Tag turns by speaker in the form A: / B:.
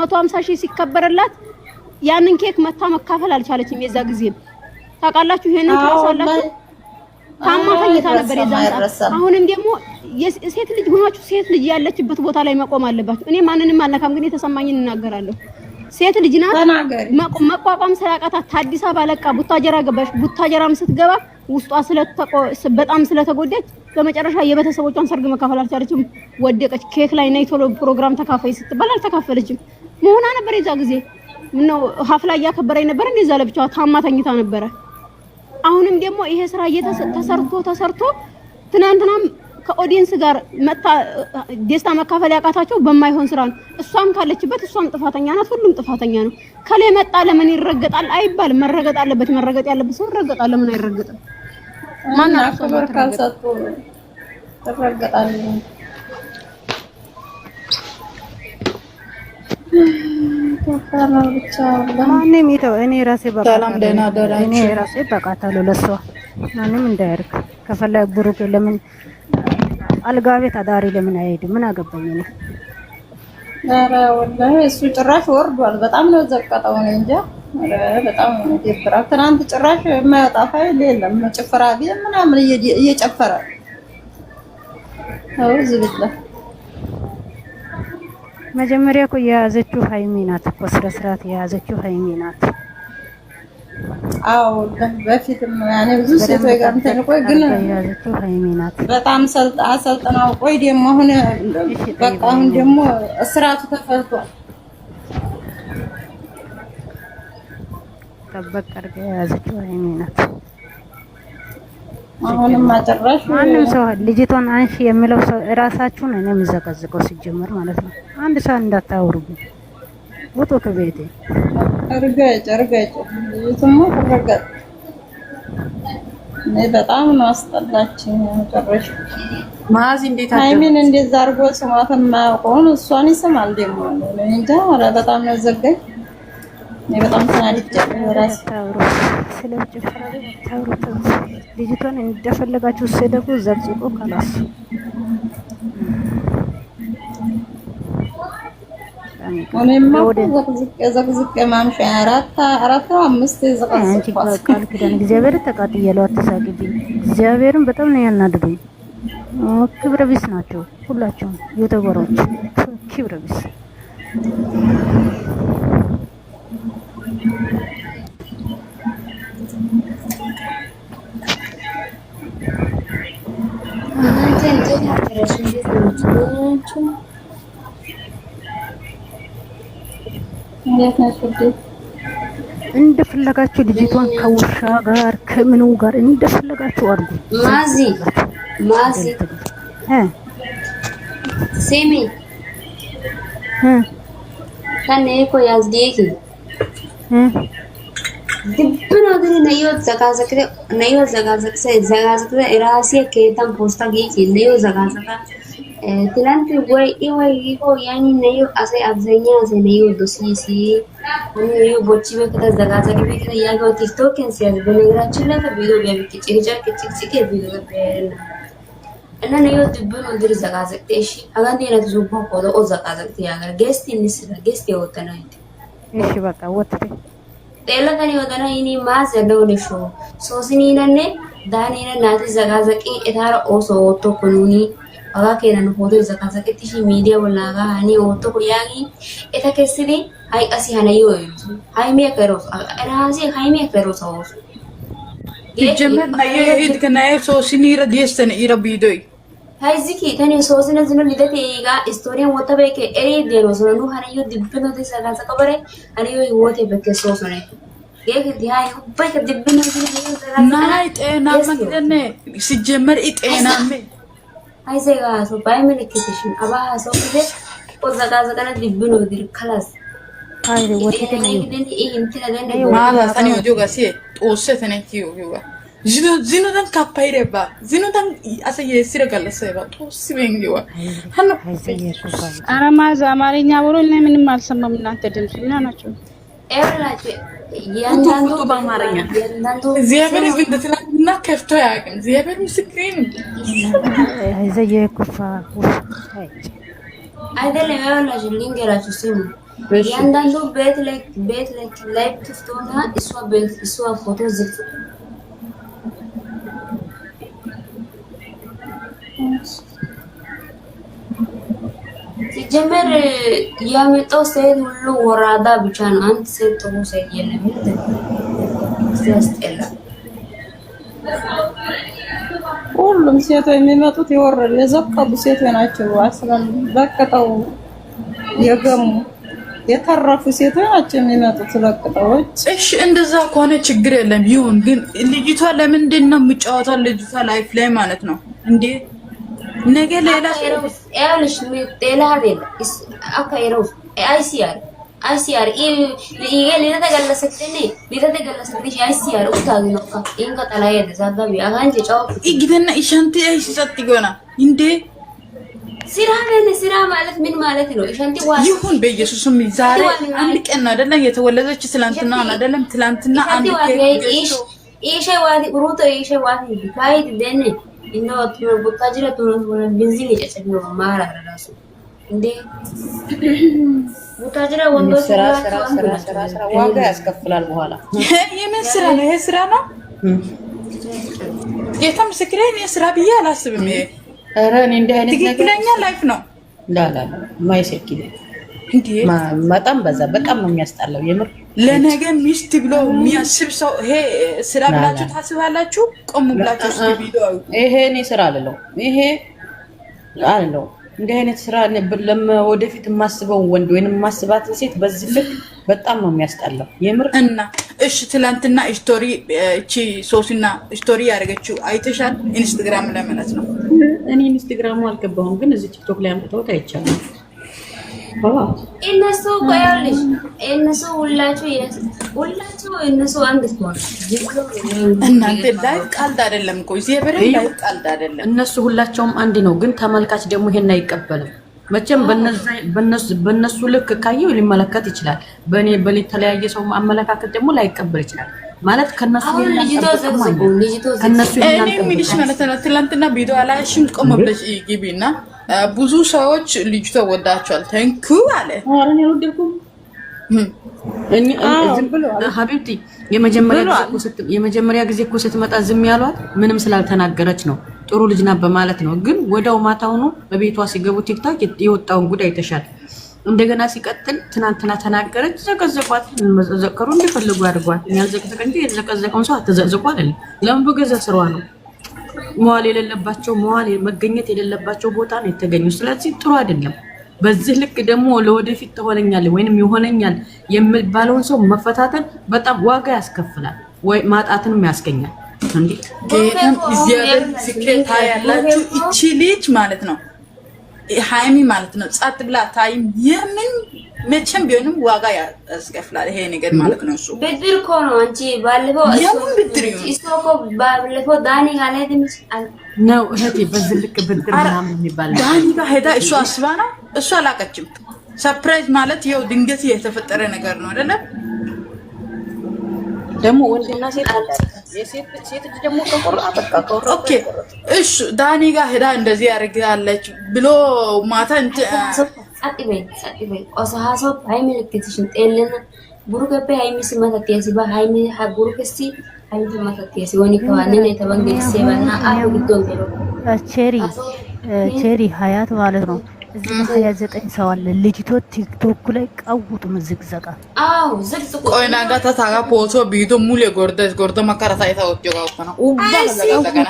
A: 150 ሺህ ሲከበርላት ያንን ኬክ መታ መካፈል አልቻለችም። የዛ ጊዜም ታውቃላችሁ ይሄንን ትራሳላችሁ። ታማ ተኝታ ነበር የዛን ሰዓት። አሁንም ደግሞ ሴት ልጅ ሆናችሁ ሴት ልጅ ያለችበት ቦታ ላይ መቆም አለባችሁ። እኔ ማንንም አልነካም፣ ግን የተሰማኝን እናገራለሁ። ሴት ልጅ ናት። መቋቋም ስላቃታት አዲስ አበባ ለቃ ቡታጀራ ገባች። ቡታጀራም ስትገባ ውስጧ በጣም ስለተጎዳች በመጨረሻ የቤተሰቦቿን ሰርግ መካፈል አልቻለችም። ወደቀች። ኬክ ላይ ነይ ቶሎ ፕሮግራም ተካፋይ ስትባል አልተካፈለችም። መሆና ነበር። የዛ ጊዜ ምነው ሀፍላ እያከበረኝ ነበር እንደዛ ለብቻዋ ታማ ተኝታ ነበረ። አሁንም ደግሞ ይሄ ስራ እየተሰርቶ ተሰርቶ ትናንትናም ከኦዲየንስ ጋር መታ ደስታ መካፈል ያቃታቸው በማይሆን ስራ ነው። እሷም ካለችበት እሷም ጥፋተኛ ናት። ሁሉም ጥፋተኛ ነው። ከሌ መጣ ለምን ይረገጣል አይባልም። መረገጥ አለበት። መረገጥ ያለበት ሰው ይረገጣል። ለምን አይረገጥም?
B: ማን አክብር ካልሰጡ ይረገጣል።
A: ማንም ይተው። እኔ ራሴ እኔ ራሴ በቃታለሁ። ለሷ ማንም እንዳያርግ ከፈላይ ብሩክ ለምን አልጋ ቤት አዳሪ ለምን አይሄድም? ምን አገባኝ ነው።
B: ኧረ ወላሂ እሱ ጭራሽ ወርዷል። በጣም ነው ዘቀጠው። እኔ እንጃ። ኧረ በጣም ነው ይፈራ። ትናንት ጭራሽ የማይወጣ ፋይል የለም ጭፈራ ቤት ምናምን እየጨፈረ ነው ዝብላ
A: መጀመሪያ እኮ የያዘችው ሀይሚ ናት እኮ ስነ ስርዓት የያዘችው ሀይሚ ናት።
B: አዎ በፊት ያኔ ብዙ ሴቶች ጋር እንትን ቆይ ግን የያዘችው ሀይሚ ናት። በጣም አሰልጥናው ቆይ ደግሞ አሁን በቃ አሁን ደግሞ እስራቱ ተፈቷል።
A: ጠበቅ አድርጋ የያዘችው ሀይሚ ናት። ማንም ሰው ልጅቷን አንሺ የሚለው ሰው እራሳችሁን እኔ የምዘቀዝቀው ሲጀመር ማለት ነው። አንድ ሰዓት እንዳታወርጉ ውጡ ከቤቴ
B: በጣም ነው አስጠላችኝ። መጨረሻ እንዴት አደረገ? ሃይሚን እንደዛ አድርጎ ስማት የማያውቀውን እሷን ይስማል ደግሞ እንጃ። በጣም ነው ዘገኝ። በጣም ተናድጄ
A: ራሴ ስለ ጭፈራ ታውሩት። ልጅቷን እንደፈለጋችሁ ስደቡ፣ ዘብዝቆ ከላስ ዘቅዝቅ ቃል ኪዳን እግዚአብሔር ተቃጥያለሁ። አትሳቂብኝ። እግዚአብሔርን በጣም ነው ያናድዱኝ። ክብረ ቢስ ናቸው ሁላቸውም የተጎራዎች ክብረ ቢስ እንደፈለጋችሁ ልጅቷን ከውሻ ጋር ከምኑ ጋር እንደፈለጋችሁ አድርጉ።
B: ማዚ ማዚ እ ከኔ እኮ ያዝዴኪ ದಿಬ್ಬಿನ ಹೋದ್ರೆ ನೈವತ್ತು ಜಗಾಸಕ್ರೆ ನೈವತ್ತು ಜಗಾಸಕ್ರೆ ಜಗಾಸಕ್ರೆ ಇರಾಸಿಯ ಕೇತಂ ಪೋಸ್ತಾಗಿ ನೈವ ಜಗಾಸಕ ትላንት ወይ ወይ ይጎ ያኒ ነዩ አሰ አብዘኛ አሰ ነዩ ዶሲሲ ወይ ቦቺ በከታ ዘጋዘግ ቢከ ያጎ ቲክቶክ እንሲያዝ በነግራችን ላይ ቪዲዮ ቢያምጥ ጭርጫ ከጭቅ ቪዲዮ ቢያና እና ነዩ ድብ ነው ዘጋዘግ ተሺ አጋኔ ረት ዙቦ ቆዶ ኦ ዘጋዘግ ያገር ጌስት እንስላ ጌስት ይወጣ
A: እሺ በቃ ወጥቴ
B: xeellataniyodana hinimaa zadawude shoo soosiniiranne daaniira naati zagaazaqin etaara oosuwa oottokko nuuni hagaa keena nu pootoy zagaazaqettishin miidiya bolla hagaa hani oottokko yaagin eta kessidi ha'i qassi hanayiyo erosu haymiyakka erosu eraasi haymiyakka erosa oosu
A: ijemmer nayee idka nayee soosiniira diyesta na'iira biidoy
B: Haiziki tani soosina zino lidate eega istoriyan wotta beeke eree deerosona nu hanayyo dibbinoti sagansa qabare hanayyo hiwoote bekke soosone geekilti haa ubbaykka dibbinoti
A: ናይ ጤናማ gidene ሲጀመር ጤናሜ
B: አይሴ ጋሶ ባይመለከትሽም አባ ሀሶ ጊዜ ቆዘቃዘቀነ dibbinoti kalas Hayır, bu ne demek? İyi, imtina den
A: de. Mağaza, sen yok yok asiye. Olsa sen et yok yok. Zino, zino tan kappaire ba? Zino tan asa yeesira gallasa ba? ቶስ ቤንጊዋ ሀሎ ኧረ ማዛ አማርኛ ብሎ እኔ ምንም አልሰማም። እናንተ ድምፅ ምን ሆናችሁ? ያንዳንዱ
B: ቤት ላይ ክፍቶና እሷ ፎቶ ዝግ ሲጀመር ያመጣው ሴት ሁሉ ወራዳ ብቻ ነው። አንድ ሴት ጥሩ ሴት የለም።
A: ሁሉም ሴቶ የሚመጡት የወረ የዘቀቡ ሴቶ ናቸው። አስላም ለቅጠው የገሙ የተረፉ ሴቶ ናቸው የሚመጡት ለቅጠው። እሺ እንደዛ ከሆነ ችግር የለም ይሁን። ግን ልጅቷ ለምንድን ነው የምጫወቷት? ልጅቷ ላይፍ ላይ ማለት ነው እንዴ ነገ ሌላ
B: ያለሽ ሌላ ስራ ለነ ስራ ማለት ምን ማለት ነው? እሻንቲ
A: ዋ ይሁን በኢየሱስም ዛሬ አንድ ቀን አይደለም የተወለደች ትላንትና አይደለም ትላንትና
B: አንድ ቀን ኢሽ ኢሽ ሩቶ ኢሽ ዋዲ ባይድ ደነ እና ቡታጅራ ቤንዚን እየጨጨቅ ነው። ማራ ራሱ እንዴ ቡታጅራ ወንዶች
A: ስራ ስራ ስራ ስራ ዋጋ ያስከፍላል። በኋላ የምን ስራ ነው? ይሄ ስራ ነው። ጌታ ምስክሬ ነው። ስራ ብዬ አላስብም። ይሄ ኧረ እኔ እንዲህ አይነት ትክክለኛ ላይፍ ነው።
B: ላላ ማይሰኪ
A: በጣም በዛ በጣም ነው የሚያስጠላው። የምር ለነገ ሚስት ብሎ የሚያስብ ሰው ይሄ ስራ ብላችሁ ታስባላችሁ? ቆሙ ብላችሁ
B: ይሄ እኔ ስራ አለው ይሄ አለው እንዲህ አይነት ስራ ለወደፊት የማስበውን ወንድ ወይም የማስባትን ሴት በዚህ ልክ በጣም ነው የሚያስጠላው። የምር
A: እና እሺ፣ ትላንትና ስቶሪ እቺ ሶሲና ስቶሪ ያደረገችው አይተሻል? ኢንስትግራም ለመለት ነው
B: እኔ ኢንስትግራሙ አልገባሁም፣ ግን እዚህ ቲክቶክ ላይ አምጥተውት አይቻልም። እነሱ ቆያልሽ እነሱ ሁላችሁ ሁላችሁ እነሱ አንድ
A: እናንተ ላይ ቀልድ አይደለም እኮ ላይ ቀልድ አይደለም።
B: እነሱ ሁላቸውም አንድ ነው፣ ግን ተመልካች ደግሞ ይሄን አይቀበልም መቼም። በነሱ ልክ ካየው ሊመለከት ይችላል፣ በእኔ በተለያየ ሰው አመለካከት ደግሞ ላይቀበል ይችላል። ማለት ከነሱ
A: ከነሱ እኔ የሚልሽ ማለት ነው። ትላንትና ቪዲዮ አላየሽም? ቆም ብለሽ ብዙ ሰዎች ልጅቷ ወዳቸዋል ተንኩ አለ።
B: ሀቢብቲ የመጀመሪያ ጊዜ እኮ ስትመጣ ዝም ያሏት ምንም ስላልተናገረች ነው፣ ጥሩ ልጅ ናት በማለት ነው። ግን ወዳው ማታውኑ በቤቷ ሲገቡ ቲክታክ የወጣውን ጉድ አይተሻል። እንደገና ሲቀጥል ትናንትና ተናገረች፣ ዘቀዘቋት። መዘቀሩ እንዲፈልጉ አድርጓል። ያልዘቀዘቀ እንጂ የተዘቀዘቀውን ሰው አተዘቅዝቋል። ለምን በገዛ ስሯ ነው መዋል የሌለባቸው መዋል መገኘት የሌለባቸው ቦታ ነው የተገኙ። ስለዚህ ጥሩ አይደለም። በዚህ ልክ ደግሞ ለወደፊት ትሆነኛል ወይም ይሆነኛል የሚባለውን ሰው መፈታተን በጣም ዋጋ ያስከፍላል፣ ወይ ማጣትንም ያስገኛል።
A: እንዴትም ስኬታ ያላችሁ እቺ ልጅ ማለት ነው ሀይሚ ማለት ነው ጸጥ ብላ ታይም የምን መቼም ቢሆንም ዋጋ ያስከፍላል ይሄ ነገር ማለት ነው። እሱ
B: ብድር እኮ ነው እንጂ ባለፈው
A: ያሁን ብድር
B: ባለፈው ዳኒ ካለህ
A: ነው እህቴ፣ በዚህ ልክ ብድር ምናምን የሚባል ዳኒ ጋር ሄዳ እሱ አስባ ነው እሱ አላቀችም። ሰርፕራይዝ ማለት ይኸው ድንገት የተፈጠረ ነገር ነው አይደለም።
B: ደግሞ ወንድና ሴት ሴት ደግሞ
A: ኦኬ፣ እሱ ዳኒ ጋር ሄዳ እንደዚህ ያደርጋለች ብሎ ማታ
B: ጸጥ በይ ጸጥ በይ ቆሳሃሶት ሃይሚ ልክትሽን ጤልን ቡሩከፔ ሃይሚ ስመታቴስ ባ ሃይሚ ሀቡሩከሲ ሃይሚ ስመታቴስ ወኒ ከዋንን የተበንገስ የባና አሁ ግዶን ዜሮ
A: ቼሪ ቼሪ ሀያት ማለት ነው። እዚህ ሀያ ዘጠኝ ሰው አለ። ልጅቶ ቲክቶክ ላይ ቀውጡም ዝግዘቃ
B: አዎ ዝግዝቁ
A: ቆይና ጋታ ታጋ ፖቶ ቢዶ ሙሌ ጎርደ ጎርደ መከራታ የታወጥ ይወቀና ኡጋ ዘጋ ዘጋ